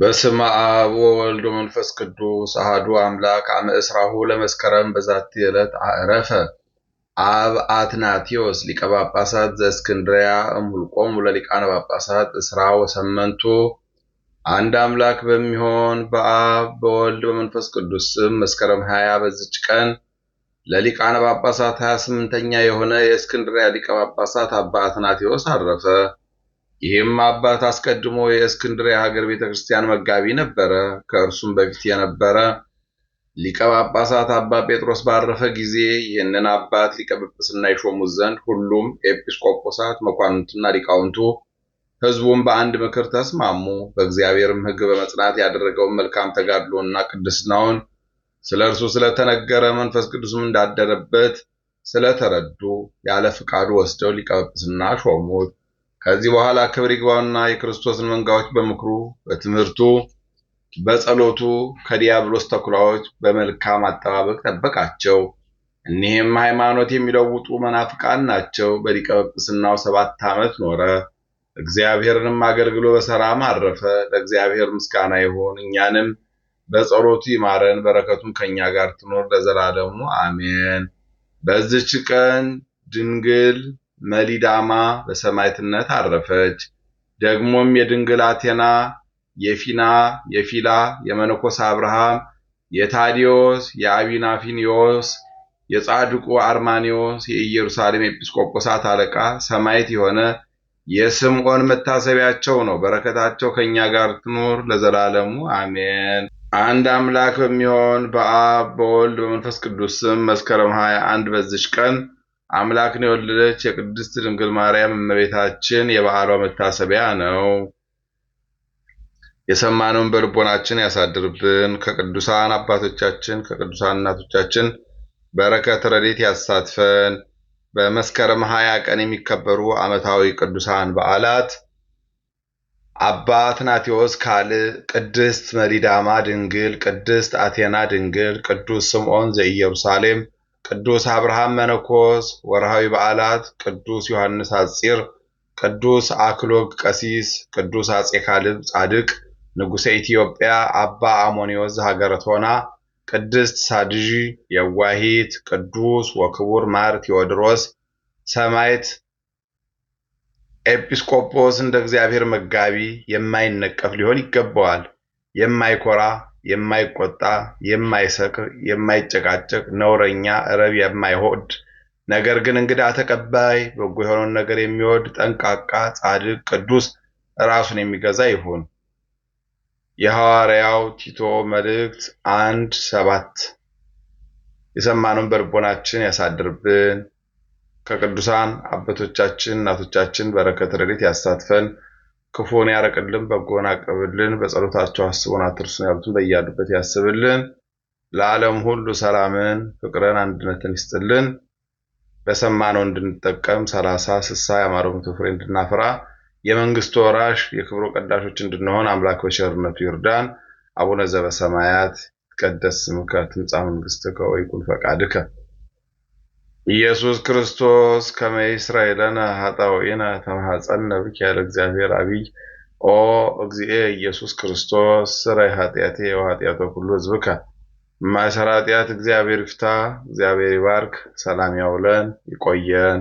በስመ አብ ወወልድ ወመንፈስ ቅዱስ አሐዱ አምላክ አመ ለመስከረም በዛቲ ዕለት አረፈ አብ አትናቴዎስ ሊቀ ጳጳሳት ዘእስክንድርያ እምኍልቆሙ ለሊቃነ ጳጳሳት እስራ ወሰመንቱ። አንድ አምላክ በሚሆን በአብ በወልድ በመንፈስ ቅዱስ ስም መስከረም ሀያ በዚች ቀን ለሊቃነ ጳጳሳት ሀያ ስምንተኛ የሆነ የእስክንድርያ ሊቀ ጳጳሳት አባ አትናቴዎስ አረፈ። ይህም አባት አስቀድሞ የእስክንድርያ ሀገር ቤተ ክርስቲያን መጋቢ ነበረ። ከእርሱም በፊት የነበረ ሊቀ ጳጳሳት አባ ጴጥሮስ ባረፈ ጊዜ ይህንን አባት ሊቀ ጵጵስና ይሾሙት ዘንድ ሁሉም ኤጲስቆጶሳት፣ መኳንንቱና ሊቃውንቱ ሕዝቡም በአንድ ምክር ተስማሙ። በእግዚአብሔርም ሕግ በመጽናት ያደረገውን መልካም ተጋድሎና ቅድስናውን ስለ እርሱ ስለተነገረ መንፈስ ቅዱስም እንዳደረበት ስለተረዱ ያለ ፍቃዱ ወስደው ሊቀ ጵጵስና ሾሙት። ከዚህ በኋላ ክብር ይግባውና የክርስቶስን መንጋዎች በምክሩ በትምህርቱ በጸሎቱ ከዲያብሎስ ተኩላዎች በመልካም አጠባበቅ ጠበቃቸው። እኒህም ሃይማኖት የሚለውጡ መናፍቃን ናቸው። በሊቀ ጵጵስናው ሰባት ዓመት ኖረ። እግዚአብሔርንም አገልግሎ በሰላም አረፈ። ለእግዚአብሔር ምስጋና ይሁን፣ እኛንም በጸሎቱ ይማረን፣ በረከቱም ከእኛ ጋር ትኖር ለዘላለሙ አሜን። በዚች ቀን ድንግል መሊዳማ በሰማዕትነት አረፈች። ደግሞም የድንግል አቴና፣ የፊና፣ የፊላ፣ የመነኮስ አብርሃም፣ የታዲዮስ፣ የአቢናፊኒዮስ፣ የጻድቁ አርማኒዎስ የኢየሩሳሌም ኤጲስቆጶሳት አለቃ ሰማዕት የሆነ የስምዖን መታሰቢያቸው ነው። በረከታቸው ከእኛ ጋር ትኖር ለዘላለሙ አሜን። አንድ አምላክ በሚሆን በአብ በወልድ በመንፈስ ቅዱስ ስም መስከረም ሃያ አንድ በዚች ቀን አምላክን የወለደች የቅድስት ድንግል ማርያም እመቤታችን የበዓሏ መታሰቢያ ነው። የሰማነውን በልቦናችን ያሳድርብን። ከቅዱሳን አባቶቻችን ከቅዱሳን እናቶቻችን በረከት ረድኤት ያሳትፈን። በመስከረም ሀያ ቀን የሚከበሩ ዓመታዊ ቅዱሳን በዓላት አባ ትናቴዎስ ካልዕ፣ ቅድስት መሪዳማ ድንግል፣ ቅድስት አቴና ድንግል፣ ቅዱስ ስምዖን ዘኢየሩሳሌም ቅዱስ አብርሃም መነኮስ። ወርሃዊ በዓላት ቅዱስ ዮሐንስ አፂር፣ ቅዱስ አክሎግ ቀሲስ፣ ቅዱስ አጼ ካልብ ጻድቅ ንጉሠ ኢትዮጵያ፣ አባ አሞኒዮስ ሀገረ ቶና፣ ቅድስት ሳድዥ የዋሂት፣ ቅዱስ ወክቡር ማር ቴዎድሮስ ሰማይት ኤጲስቆጶስ እንደ እግዚአብሔር መጋቢ የማይነቀፍ ሊሆን ይገባዋል። የማይኮራ የማይቆጣ የማይሰክር የማይጨቃጨቅ ነውረኛ ረብ የማይወድ ነገር ግን እንግዳ ተቀባይ በጎ የሆነውን ነገር የሚወድ ጠንቃቃ ጻድቅ ቅዱስ ራሱን የሚገዛ ይሁን። የሐዋርያው ቲቶ መልእክት አንድ ሰባት የሰማነውን በልቦናችን ያሳድርብን። ከቅዱሳን አባቶቻችን እናቶቻችን በረከት ረድኤት ያሳትፈን። ክፉን ያርቅልን፣ በጎን አቅርብልን፣ በጸሎታቸው አስቦን አትርሱን ያሉትን በያሉበት ያስብልን። ለዓለም ሁሉ ሰላምን፣ ፍቅርን፣ አንድነትን ይስጥልን። በሰማነው እንድንጠቀም ሰላሳ ስሳ ያማረ መቶ ፍሬ እንድናፈራ የመንግስቱ ወራሽ የክብሩ ቀዳሾች እንድንሆን አምላክ በቸርነቱ ይርዳን። አቡነ ዘበሰማያት ይትቀደስ ስምከ ትምጻእ መንግሥትከ ወይኩን ፈቃድከ ኢየሱስ ክርስቶስ ከመ ይስራኤለነ ኃጣውኢነ ተማኅፀነ ብከ ያለ እግዚአብሔር አብይ ኦ እግዚኤ ኢየሱስ ክርስቶስ ስራይ ኃጢአቴ ወኃጢአተ ኩሉ ሕዝብከ ማሰረ ኃጢአት እግዚአብሔር ይፍታ፣ እግዚአብሔር ይባርክ፣ ሰላም ያውለን፣ ይቆየን።